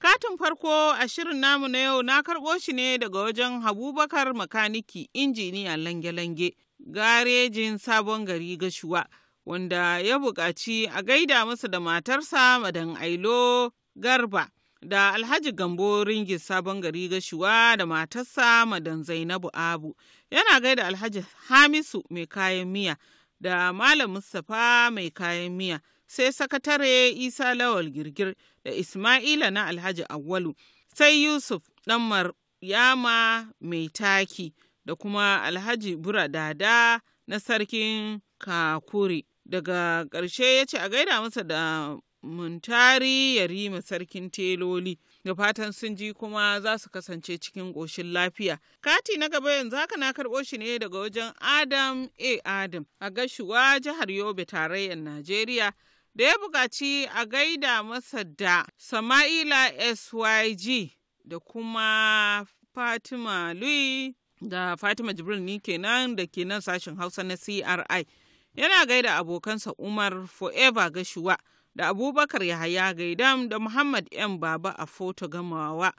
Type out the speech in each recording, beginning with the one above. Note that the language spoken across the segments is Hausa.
Katin farko a shirin namu na yau na karɓo shi ne daga wajen Habubakar Makaniki injiniya lange-lange garejin sabon gari gashuwa wanda ya buƙaci a gaida masa da matarsa madan Ailo Garba da Alhaji Gambo ringin sabon gari gashuwa da matarsa madan Zainabu Abu yana gaida Alhaji Hamisu mai kayan miya da Malam Mustapha mai kayan miya sai sakatare Isa Lawal Girgir da Ismaila na Alhaji Awwalu sai Yusuf ɗan Yama mai taki da kuma Alhaji Bura Dada na sarkin Kakuri. Daga ƙarshe ya ce a gaida masa da Muntari Yarima sarkin teloli da fatan sun ji kuma za su kasance cikin ƙoshin lafiya. Kati na gaba yanzu haka na karɓo shi ne daga wajen Adam A. Adam a gashuwa jihar Yobe tarayyar Najeriya da ya buƙaci a gaida masa da Sama'ila SYG da kuma Fatima Lui da Fatima Jibril ni kenan da kenan sashen Hausa na CRI. Yana gaida abokansa Umar Forever Gashuwa da Abubakar Yahaya gaida da Muhammad yan Baba a foto gamawa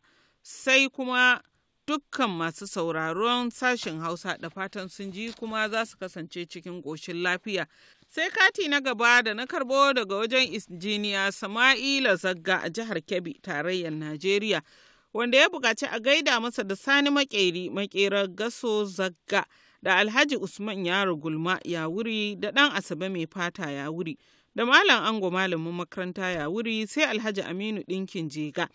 sai kuma dukkan masu sauraron sashen Hausa da fatan sun ji kuma za su kasance cikin ƙoshin lafiya. sai kati na gaba da na karbo daga wajen injiniya sama'ila zagga a jihar kebbi tarayyar najeriya wanda ya bukaci a gaida masa da sani makeri makerar gaso zagga da alhaji usman yaro gulma ya wuri da ɗan asabe mai fata ya wuri da malam ango malamin makaranta ya wuri sai alhaji aminu ɗinkin jega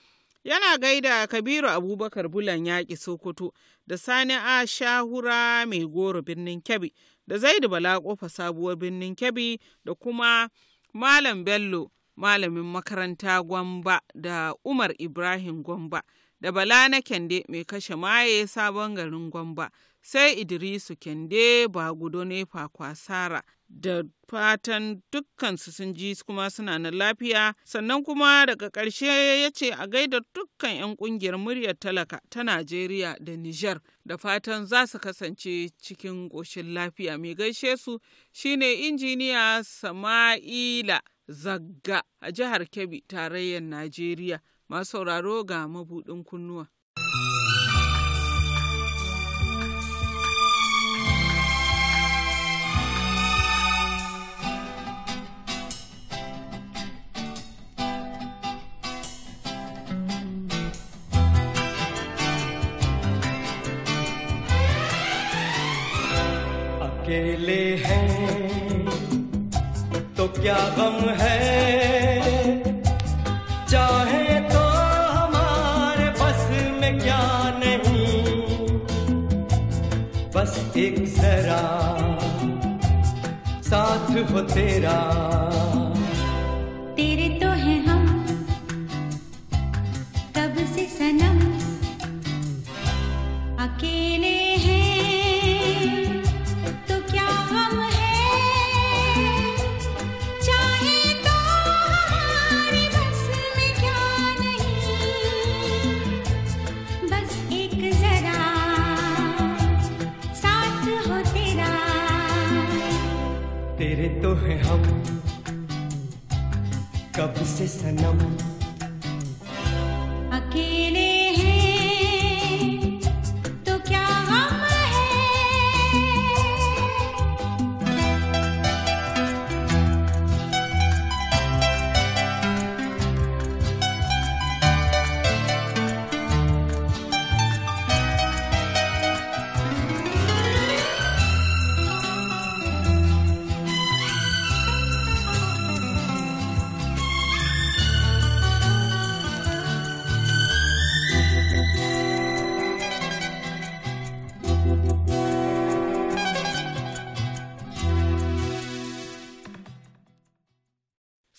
yana gaida kabiru abubakar bulan yaƙi sokoto da sani a shahura mai goro birnin kebbi da Zaidu Bala kofa sabuwar birnin Kebbi da kuma Malam Bello malamin makaranta Gwamba da Umar Ibrahim Gwamba da Bala na Kende mai kashe maye sabon garin Gwamba sai Idrisu Kende ba gudo nefa kwasara da fatan dukkansu sun ji kuma suna na lafiya sannan kuma daga ƙarshe ya ce a gaida dukkan 'yan ƙungiyar muryar talaka ta najeriya da Niger. da fatan za su kasance cikin ƙoshin lafiya mai gaishe su shine injiniya sama'ila zagga a jihar kebbi tarayyar najeriya masu sauraro ga mabuɗin kunnuwa अकेले हैं तो क्या गम है चाहे तो हमारे बस में क्या नहीं बस एक जरा साथ हो तेरा कब से सनम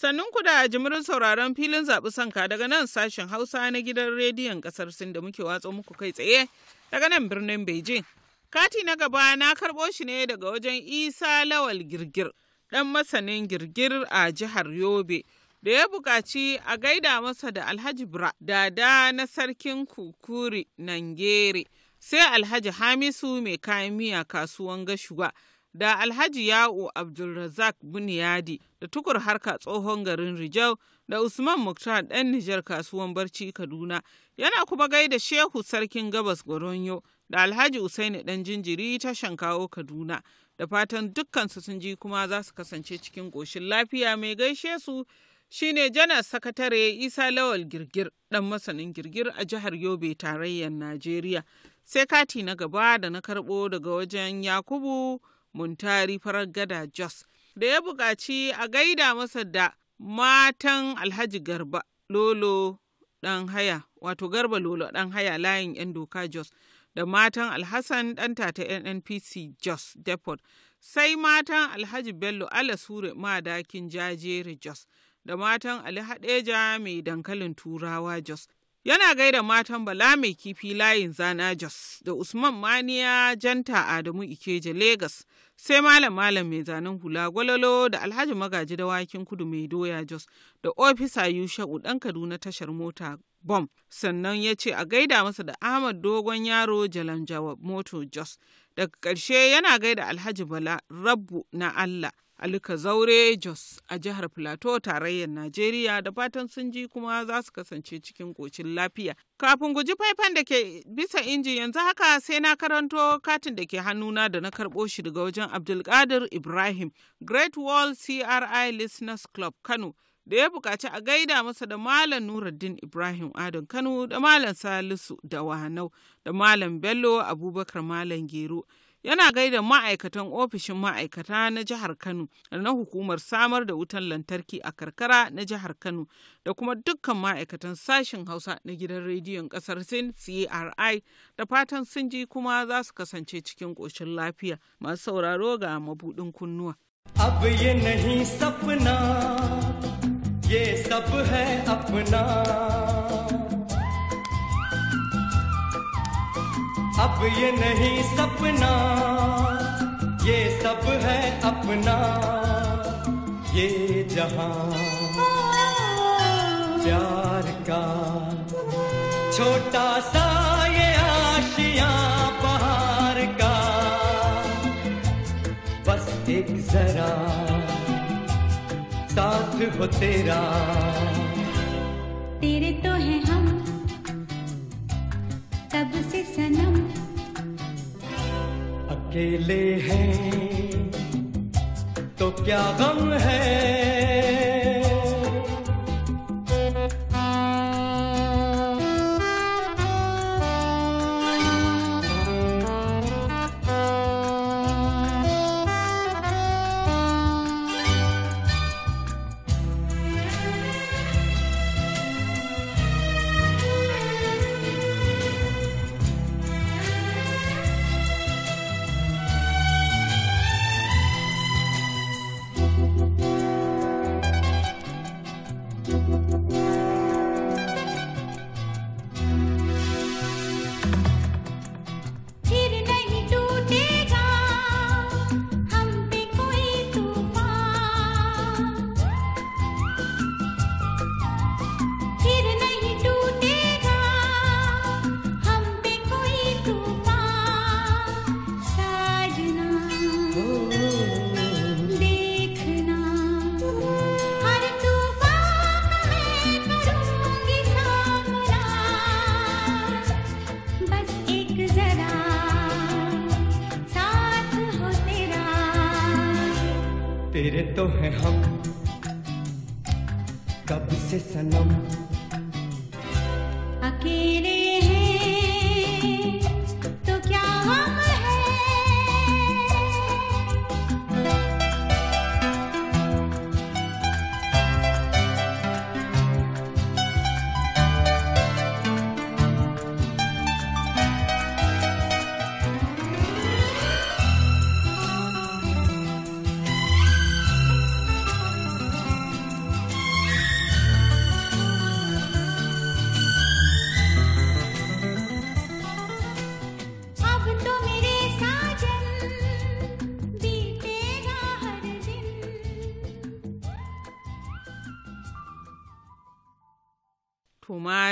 Sannun ku da jimirin sauraron filin zaɓi sanka daga nan sashen Hausa na gidan rediyon ƙasar Sin da muke watsa muku kai tsaye daga nan birnin Beijing. Kati na gaba na karɓo shi ne daga wajen Isa Lawal Girgir, ɗan masanin girgir a jihar Yobe, da ya buƙaci a gaida masa da Alhaji Bra, dada na sarkin Kukuri Nangere, sai Alhaji Hamisu mai kayan miya kasuwan gashuwa. da Alhaji Ya'u Abdulrazak Buniyadi da tukur harka tsohon garin Rijau da Usman Muktar ɗan Nijar kasuwan Barci Kaduna yana kuma gaida Shehu Sarkin Gabas Goronyo da Alhaji Usaini ɗan jinjiri tashan kawo Kaduna da fatan dukkansu sun ji kuma za su kasance cikin ƙoshin lafiya mai gaishe su shine janar sakatare Isa Lawal Girgir ɗan masanin girgir a jihar Yobe tarayyar Najeriya sai kati na gaba da na karɓo daga wajen Yakubu muntari farar gada jos da ya buƙaci a gaida masa da matan alhaji garba lolo ɗan haya wato garba lolo ɗan haya layin 'yan doka jos da matan alhassan ɗan tata nnpc jos depot sai matan alhaji bello alasure madakin jajere jos da matan ali Haɗeja mai dankalin turawa jos yana gaida matan Bala mai kifi layin Zana Jos da Usman Maniya Janta Adamu Ikeja Legas sai Malam Malam mai zanen hula gwalolo da Alhaji Magaji da wakin Kudu mai doya Jos da Ofisa Yusha'u ɗan Kaduna tashar mota bom sannan ya ce a gaida masa da Ahmad Dogon Yaro jawab Moto Jos daga ƙarshe yana gaida Alhaji Bala Rabbu na Allah Alika Zaure Jos a jihar Plateau tarayyar Najeriya da fatan sun ji kuma za su kasance cikin ƙocin lafiya. Kafin guji faifan da ke bisa inji yanzu haka sai na karanto katin da ke hannuna da na karɓo shi daga wajen Abdulkadir Ibrahim Great Wall CRI Listeners Club Kano da ya buƙaci a gaida masa da Malam Nuruddin Ibrahim Adan Kano da Malam Salisu da Wahanau da Malam Bello Abubakar Malam Gero. yana gaida ma'aikatan ofishin ma'aikata na jihar Kano da na hukumar samar da wutan lantarki a karkara na jihar Kano da kuma dukkan ma'aikatan sashen Hausa na gidan rediyon kasar Sin CRI da fatan sun ji kuma za su kasance cikin ƙoshin lafiya masu sauraro ga mabuɗin kunnuwa. अब अब ये नहीं सपना ये सब है अपना ये जहां प्यार का छोटा सा ये आशिया बहार का बस एक जरा साथ हो तेरा अकेले हैं तो क्या गम है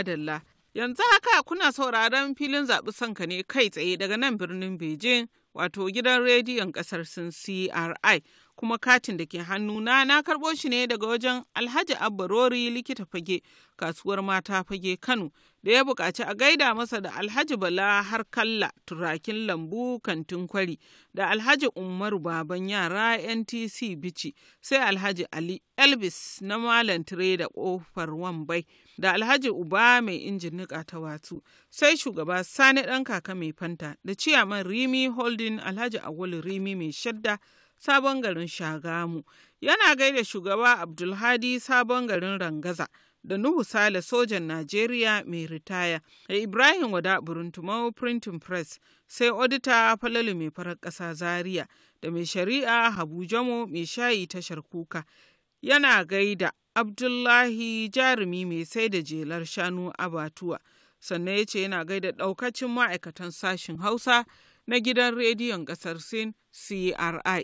adalla Yanzu haka kuna sauraron filin zaɓi sanka ne kai tsaye daga nan birnin Beijing wato gidan rediyon ƙasar sun CRI kuma katin da ke hannuna na karɓo shi ne daga wajen Alhaji rori likita fage kasuwar mata fage Kano da ya buƙaci a gaida masa da Alhaji Bala har kalla turakin lambu kantin kwari da Alhaji Umaru baban yara NTC Bici sai Alhaji Ali Elvis na Malam da ƙofar Wambai da Alhaji Uba mai injin niƙa ta watsu sai shugaba Sani ɗan kaka mai fanta da ciyaman Rimi Holding Alhaji Awul Rimi mai shadda sabon garin Shagamu yana gaida shugaba Abdulhadi sabon garin Rangaza da Nuhu Sale sojan Najeriya mai ritaya da eh, Ibrahim Wada Buruntumau Printing Press sai Odita Falalu mai farar ƙasa Zaria da mai shari'a Habu Jamo mai shayi tashar kuka yana gaida Abdullahi Jarumi mai sai da jelar shanu abatuwa sannan ya ce yana gaida ɗaukacin ma'aikatan sashin Hausa na gidan rediyon ƙasar Sin CRI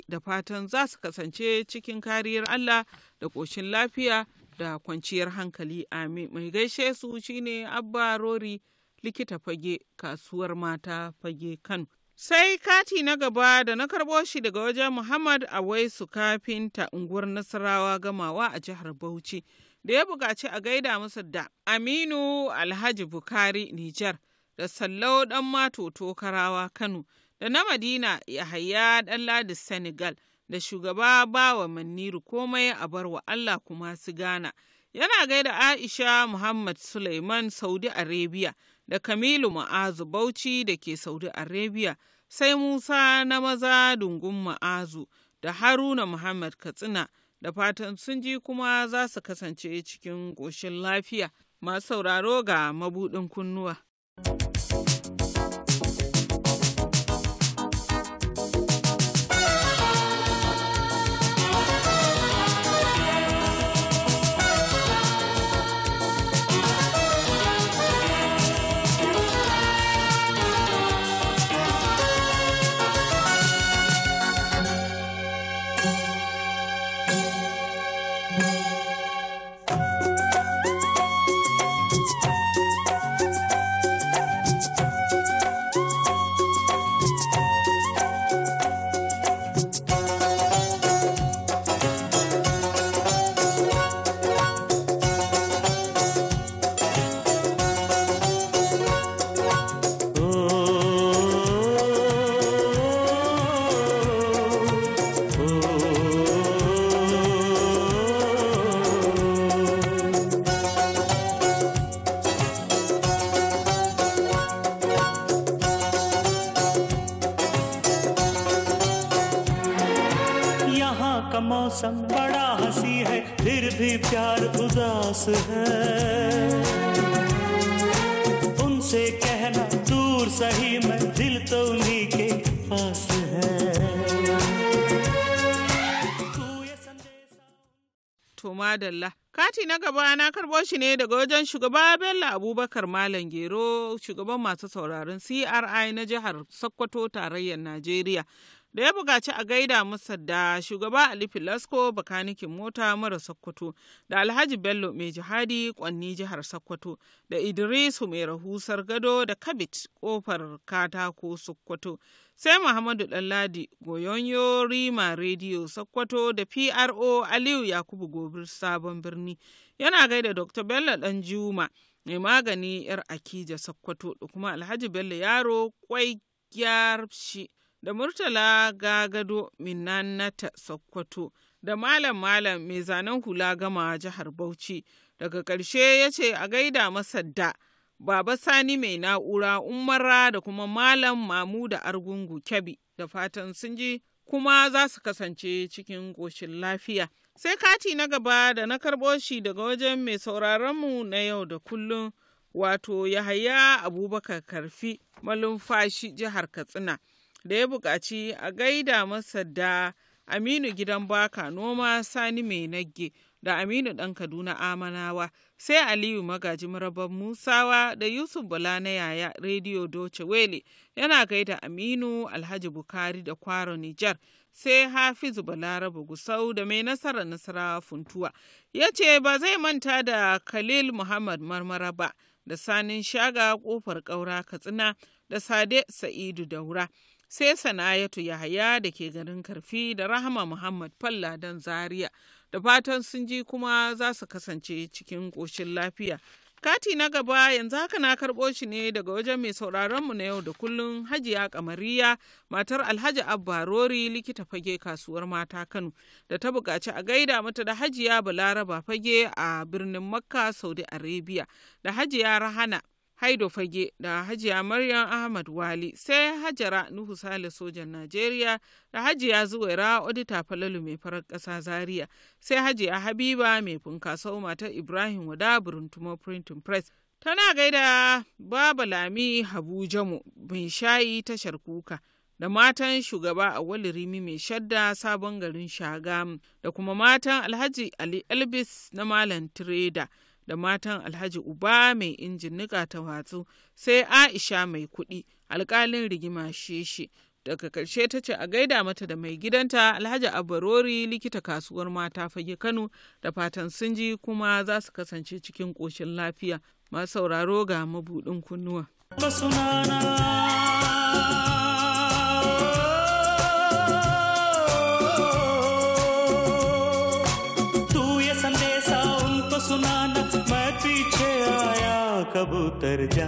da fatan za su kasance cikin kariyar Allah da ƙoshin lafiya da kwanciyar hankali amin mai gaishe su shine abba rori likita fage kasuwar mata fage kano sai kati na gaba da na karbo shi daga wajen muhammad a su kafinta unguwar nasarawa gamawa a jihar bauchi da ya buƙaci a gaida masa da aminu alhaji bukari nijar da sallau dan mato tokarawa kano da na madina yahaya dan ladi senegal da shugaba ba wa Maniru komai a bar wa Allah kuma su gana. Yana gaida Aisha Muhammad Suleiman Saudi Arabia da Kamilu Ma'azu Bauchi da ke Saudi Arabia sai Musa na maza dungun Ma'azu da Haruna Muhammad Katsina da fatan sun ji kuma za su kasance cikin ƙoshin lafiya masu sauraro ga mabuɗin kunnuwa. है Kati na gaba na karɓo shi ne daga wajen shugaba Bello Abubakar Malam Gero, shugaban masu sauraron CRI na jihar Sokoto tarayyar Najeriya. da ya bugaci a gaida masa da shugaba Ali Filasko bakanikin mota mara Sokoto da Alhaji Bello mai jihadi kwanni jihar Sokoto da Idris mai rahusar gado da Kabit kofar katako Sokoto sai Muhammadu Ɗanladi Goyonyo Rima Radio Sokoto da PRO Aliyu Yakubu Gobir Sabon Birni yana gaida Dr. Bello Dan Juma, mai magani 'yar Akija Sokoto da kuma Alhaji Bello Yaro Kwai Gyarshi. da Murtala ga Gagado Minnanata Sokoto da Malam Malam mai zanen hula gama jihar Bauchi. Daga ƙarshe yace ce a gaida masadda Baba Sani mai na'ura Umara da kuma Malam Mamu da Argungu Kyabi da fatan sun ji kuma za su kasance cikin ƙoshin lafiya. Sai kati na gaba da na karɓo shi daga wajen mai sauraronmu na yau da kullum wato Yahaya Abubakar Karfi malumfashi jihar Katsina. da ya buƙaci a gaida masa da Aminu Gidan Baka Noma Sani Mai Nagge da Aminu Ɗan Kaduna Amanawa sai Aliyu Magaji marabar Musawa da Yusuf Bala na yaya Rediyo Doce Wele yana gaida Aminu Alhaji Bukari da Kwaro Nijar sai Hafizu Balarabu Gusau da mai nasarar nasarawa funtuwa ya ce ba zai manta da Khalil Muhammad Marmara ba da Sanin Shaga Kofar Ƙaura Katsina da Sade Sa'idu Daura. sai sana'atu yahaya da ke garin karfi da rahama muhammad falla don zaria da fatan sun ji kuma za su kasance cikin ƙoshin lafiya kati na gaba yanzu haka na karɓo shi ne daga wajen mai sauraronmu na yau da kullun hajiya kamariya matar alhaji abba likita fage kasuwar mata kano da ta buƙaci a gaida mata da hajiya balaraba fage a birnin makka saudi arabia da hajiya rahana Haido Fage da Hajiya Maryam Ahmad Wali sai Hajara Nuhu Sale sojan Najeriya da Hajiya Zuwaira Odita Falalu mai farar ƙasa Zaria sai Hajiya Habiba mai funkasau mata Ibrahim Wada Buruntumo Printing Press. Tana gaida Baba Lami Habu Jamu mai shayi tashar kuka da matan shugaba Awali Rimi mai shadda sabon garin shagam da kuma matan Alhaji Ali Elbis na Malam Tireda. da matan Alhaji Uba mai injin nika ta watsu sai Aisha mai kuɗi alƙalin rigima sheshe daga ƙarshe ta ce a gaida mata da mai gidanta Alhaji Abarori likita kasuwar mata fage Kano da fatan sun ji kuma za su kasance cikin ƙoshin lafiya masu sauraro ga mabuɗin kunnuwa. कबूतर जा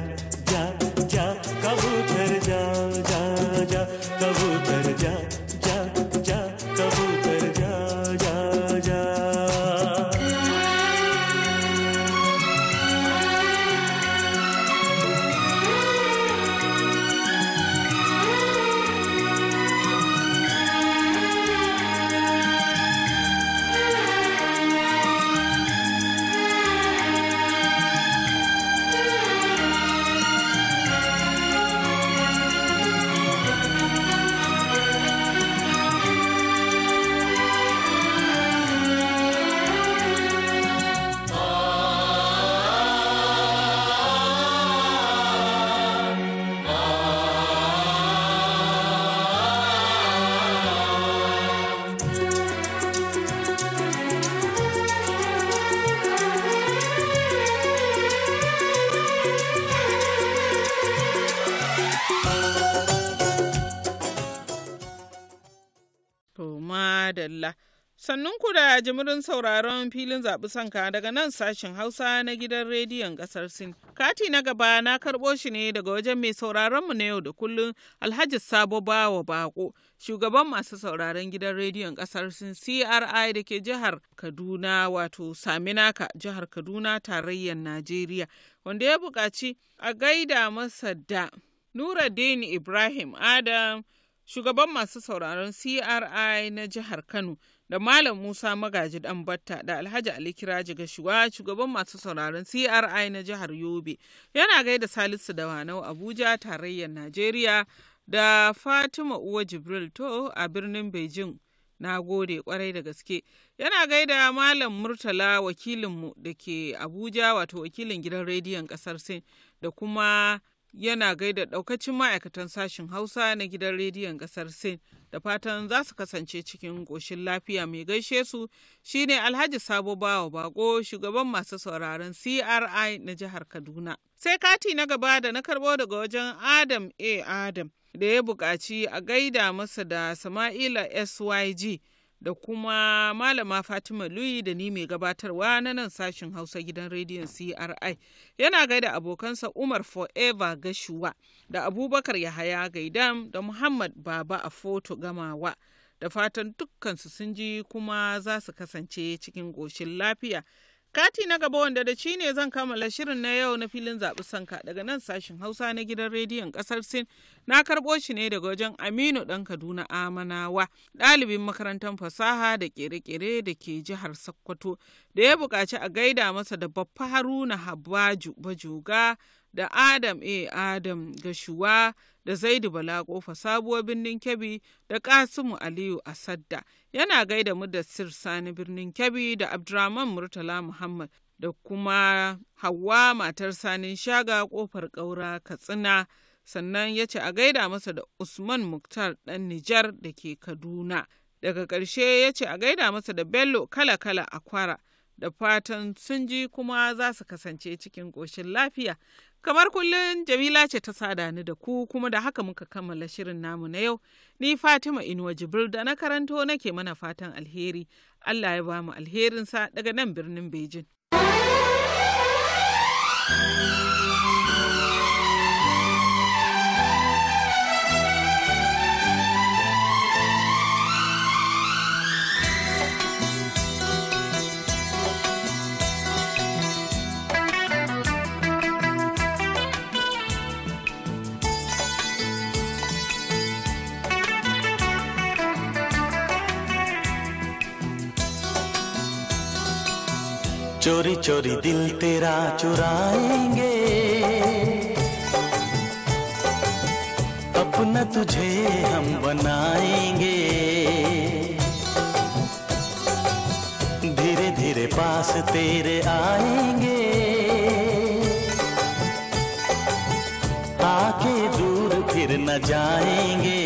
da jimirin sauraron filin zaɓi sanka daga nan sashen Hausa na gidan rediyon ƙasar Sin. Kati na gaba na karɓo shi ne daga wajen mai sauraronmu na yau da kullun Alhaji Sabo Bawa Bako, shugaban masu sauraron gidan rediyon ƙasar Sin CRI da ke jihar Kaduna wato Saminaka jihar Kaduna tarayyar Najeriya, wanda ya buƙaci a gaida masa da Nuruddin Ibrahim Adam, shugaban masu sauraron CRI na jihar Kano. da Malam Musa Magaji Danbatta da Alhaji Ali Kiraji Gashuwa shugaban masu sauraron CRI na jihar Yobe yana gaida Salisu da Wanau Abuja tarayyar Najeriya da Fatima Uwa Jibril to a birnin Beijing. Na gode kwarai da gaske. Yana gaida Malam Murtala wakilinmu da ke Abuja wato wakilin gidan rediyon kasar Sin da kuma yana gaida daukacin ma'aikatan sashen hausa na gidan rediyon kasar sin da fatan za su kasance cikin ƙoshin lafiya mai gaishe su shine alhaji sabo bawa bako shugaban masu sauraron cri na jihar kaduna sai kati na gaba da na karbo daga wajen adam a adam da ya buƙaci a gaida masa da sama'ila syg da kuma malama Fatima Lui da ni mai gabatarwa na nan sashin Hausa gidan rediyon CRI. Yana gaida abokansa Umar Forever Gashuwa da Abubakar Yahaya Gaidam da Muhammad Baba a foto gamawa. Da fatan dukkansu sun ji kuma za su kasance cikin goshin lafiya. Kati na gaba wanda da shi ne zan kammala shirin na yau na filin zaɓi sanka daga nan sashen Hausa na gidan rediyon ƙasar Sin na karɓo shi ne daga wajen Aminu ɗan Kaduna Amanawa ɗalibin makarantar fasaha da ƙere-ƙere da ke jihar Sokoto da ya buƙaci a gaida masa da Baffa Haruna Habaju Bajoga da Adam A. Adam Gashuwa da Zaidu Bala ƙofa sabuwar birnin Kebbi da Kasimu Aliyu Asadda yana gaida mu da sir Sani birnin Kebbi da Abdurrahman Murtala Muhammad da kuma Hauwa matar sani Shaga kofar ƙaura Katsina sannan ya ce a gaida masa da Usman Muktar ɗan Nijar da ke Kaduna. Daga ƙarshe ya ce a gaida masa da Bello kala-kala a kwara. da fatan sun ji kuma za su kasance cikin ƙoshin lafiya. Kamar kullum Jamila ce ta sada ni da ku kuma da haka muka kammala shirin namu na yau. Ni Fatima Inuwa Jibril da na karanto nake mana fatan alheri. Allah ya ba mu alherinsa daga nan birnin Bejin. चोरी दिल तेरा चुराएंगे अपना तुझे हम बनाएंगे धीरे धीरे पास तेरे आएंगे आके दूर फिर न जाएंगे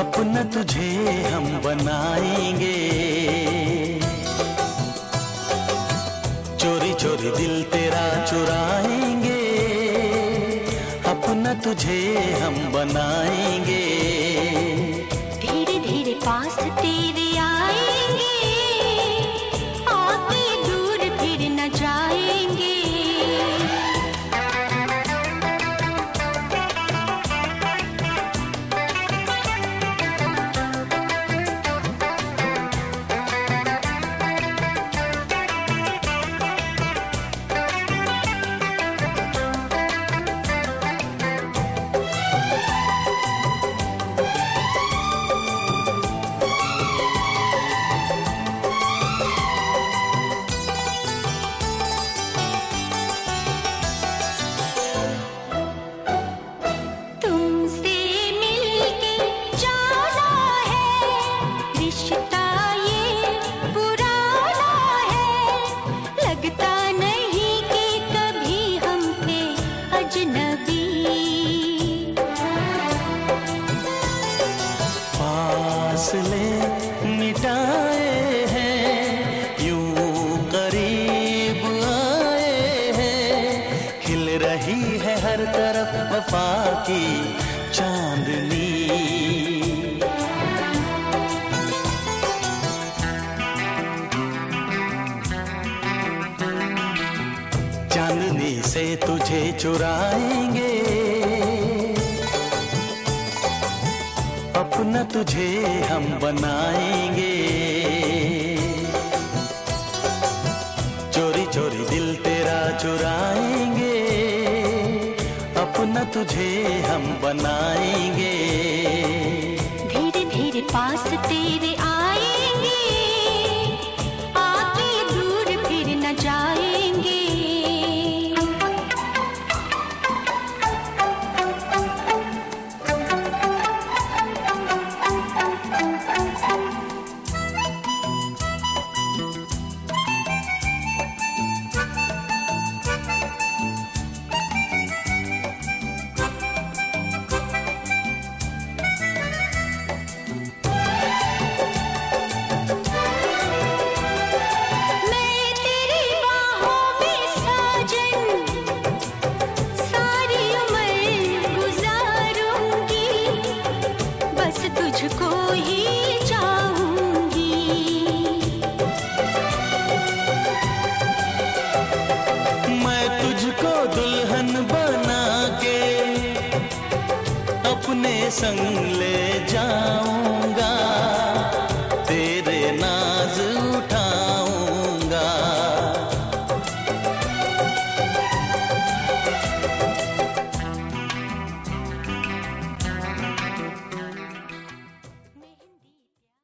अपना तुझे हम बनाएंगे चोरी चोरी दिल तेरा चुराएंगे अपना तुझे हम बनाएंगे चांदनी से तुझे चुराएंगे अपना तुझे हम बनाएंगे चोरी चोरी दिल तेरा चुराएंगे अपना तुझे हम बनाएंगे धीरे धीरे पास तेरे आए